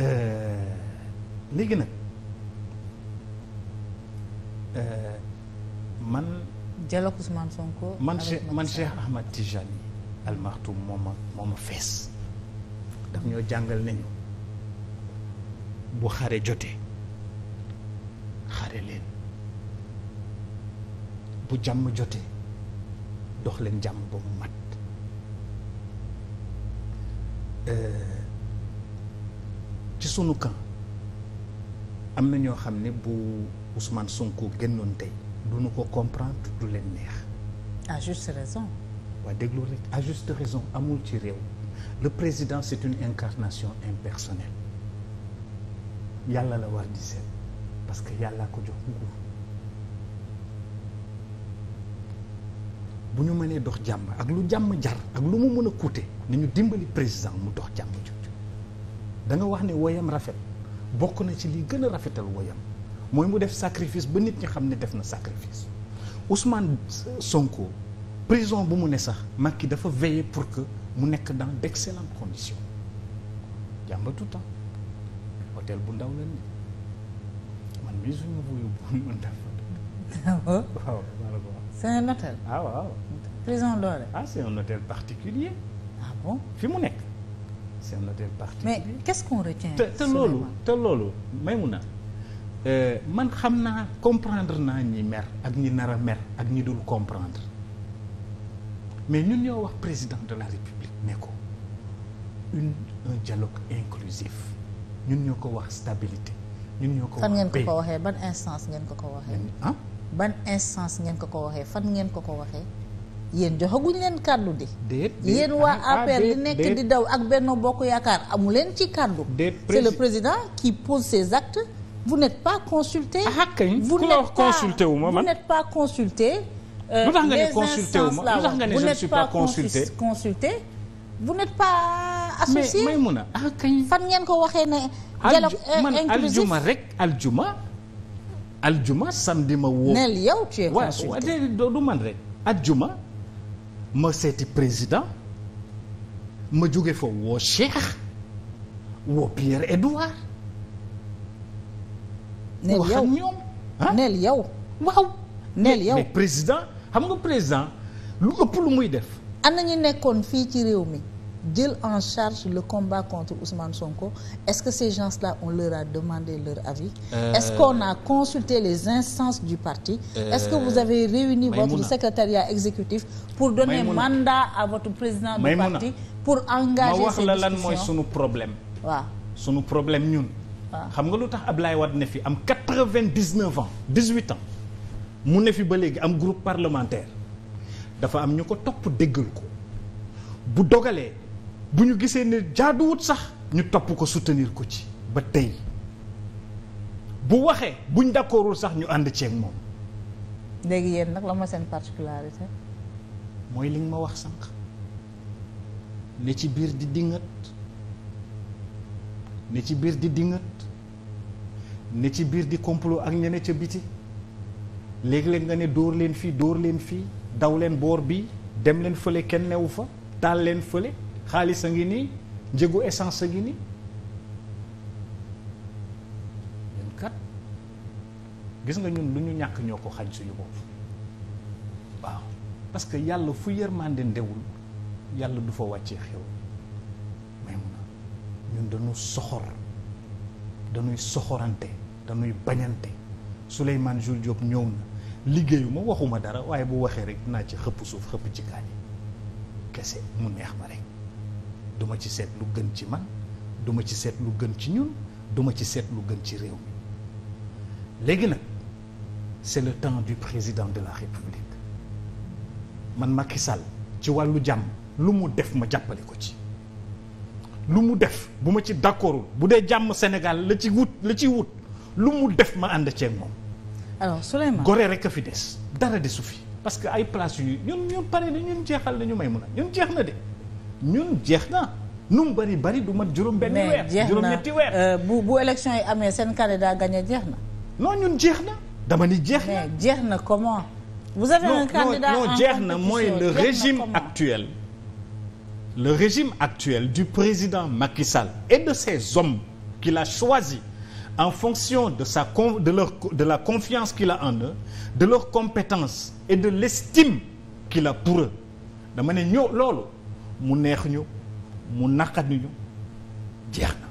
Euh, léegi nag euh, man. dialogue Sonko. man Cheikh man Cheikh Ahmad Tijani Al moo ma moo ma fees. daf ñoo jàngal nañu bu xare jotee xare leen bu jàmm jotee dox leen jàmm ba mu mat. Euh, sunu camp am na ñoo xam ne bu Ousmane Sonko génnoon tey du nu ko comprendre du leen neex. à juste raison. waa déglu rek à juste raison amul ci réew le président c'est une incarnation impersonnelle yàlla la war di seet parce que yàllaa ko jox nguur bu ñu mënee dox jàmm ak lu jàmm jar ak lu mu mën a coûter nañu dimbali président mu dox jàmm ju da nga wax ne woyam rafet bokk na ci li gën a rafetal woyam mooy mu def sacrifice ba nit ñi xam ne def na sacrifice Ousmane Sonko prison bu mu ne sax Macky dafa veiller pour que mu nekk dans d'excellentes conditions jàmba tout hôtel bu ndaw la ni man mii suñu bu yóbbu mën dafa waaw c'est un hôtel ah waaw prison doole ah c'est un hôtel particulier ah fi mu nekk c'est un hôtel particulier mais qu'est-ce qu'on retient te loolu te loolu Maïmouna euh, man xam naa comprendre naa ñi mer ak ñi nar a mer ak ñi dul comprendre mais ñun ñoo wax président de la république ne ko une un dialogue inclusif ñun ñoo ko wax stabilité ñun ñoo ko wax fan ngeen ko ko waxee ban instance ngeen ko ko waxee ah ban instance ngeen ko ko waxee fan ngeen ko ko waxee yéen joxaguñ leen kàddu di yéen waa ah, ah, APR li nekk di daw ak Benno Bokk Yaakaar amu leen ci kàddu c'est le président qui pose ses actes vous n'êtes pas consulté ah, vous n'êtes pas consulté wu ma man vous n'êtes pas consulté lu tax wu ma lu tax nga ne je ne suis pas consulté consulté vous n'êtes pas associé mais mun a fan ngeen ko waxee ne dialogue euh, inclusif aljuma rek aljuma aljuma samedi ma woo neel yow tu es consulté waaw du man rek aljuma ma seeti président ma jóge fa woo Cheikh woo Pierre Édouard wax ak ñoom ah yow waaw neel yow mais président xam nga président lu ëpp lu muy def am na ñu nekkoon fii ci réew mi jël en charge le combat contre Ousmane Sonko est-ce que ces gens-là on leur a demandé leur avis euh, est-ce qu'on a consulté les instances du parti euh... est-ce que vous avez réuni votre secrétariat exécutif pour donner Maïmouna. mandat à votre président du parti pour engager ces discussions ma wax la lan mooy sunu problème waaw sunu problème ñun xam nga lu tax Ablaye Wade ne fi am quatre-vingt-dix-neuf ans dix-huit ans mu ne fi ba léegi am groupe parlementaire dafa am ñu ko topp déggal ko bu dogalee bu ñu gisee ne jaaduwut sax ñu topp ko soutenir ko ci ba tey bu waxee buñ d'accordul sax ñu ànd ceeg moom. léegi yéen nag la ma seen particularité. mooy li nga ma wax sànq ne ci biir di dingat ne ci biir di dingat ne ci biir di complot ak ñene ca biti léegi-léeg nga ne dóor leen fii dóor leen fii daw leen boor bi dem leen fële kenn newu fa taal leen fële xaalis a ngi nii njëgu essence a ngi nii ñun kat gis nga ñun lu ñu ñàkk ñoo ko xañ suñu bopp waaw parce que yàlla fu yërmande ndewul yàlla du fa wàcce xew may mun a ñun dañu soxor dañuy soxorante dañuy bañante Souleymane Jules Diop ñëw na liggéeyuma waxuma dara waaye bu waxee rek naa ci xëpp suuf xëpp ci yi kese mu neex ma rek duma ci seet lu gën ci man duma ci seet lu gën ci ñun duma ci seet lu gën ci réew mi léegi nag c'est le temps du président de la république man Macky Sall ci wàllu jàmm lu mu def ma jàppale ko ci lu mu def bu ma ci d'accordul bu dee jàmm Sénégal la ci wut la ci wut lu mu def ma ànd ceeg moom. alors Souleymane gore rek a fi des dara desu fi parce que ay place yu ñun ñun pare na ñun jeexal na ñu may mun a ñun jeex na de. ñun jeex na nu mu bëri bëri du ma juróom benn weer juróom ñetti euh, bu élection yi amee seen candidat gagné jeex na non ñun jeex na dama ne jeex na jeex na comment vous jeex na mooy le régime actuel le régime actuel du président Macky Sall et de ses hommes qu'il a choisis en fonction de sa la confiance qu'il a en eux de leurs compétences et de l'estime qu'il a pour dama ne ñoo loolu mu neex ñu mu naqat ñu jeex na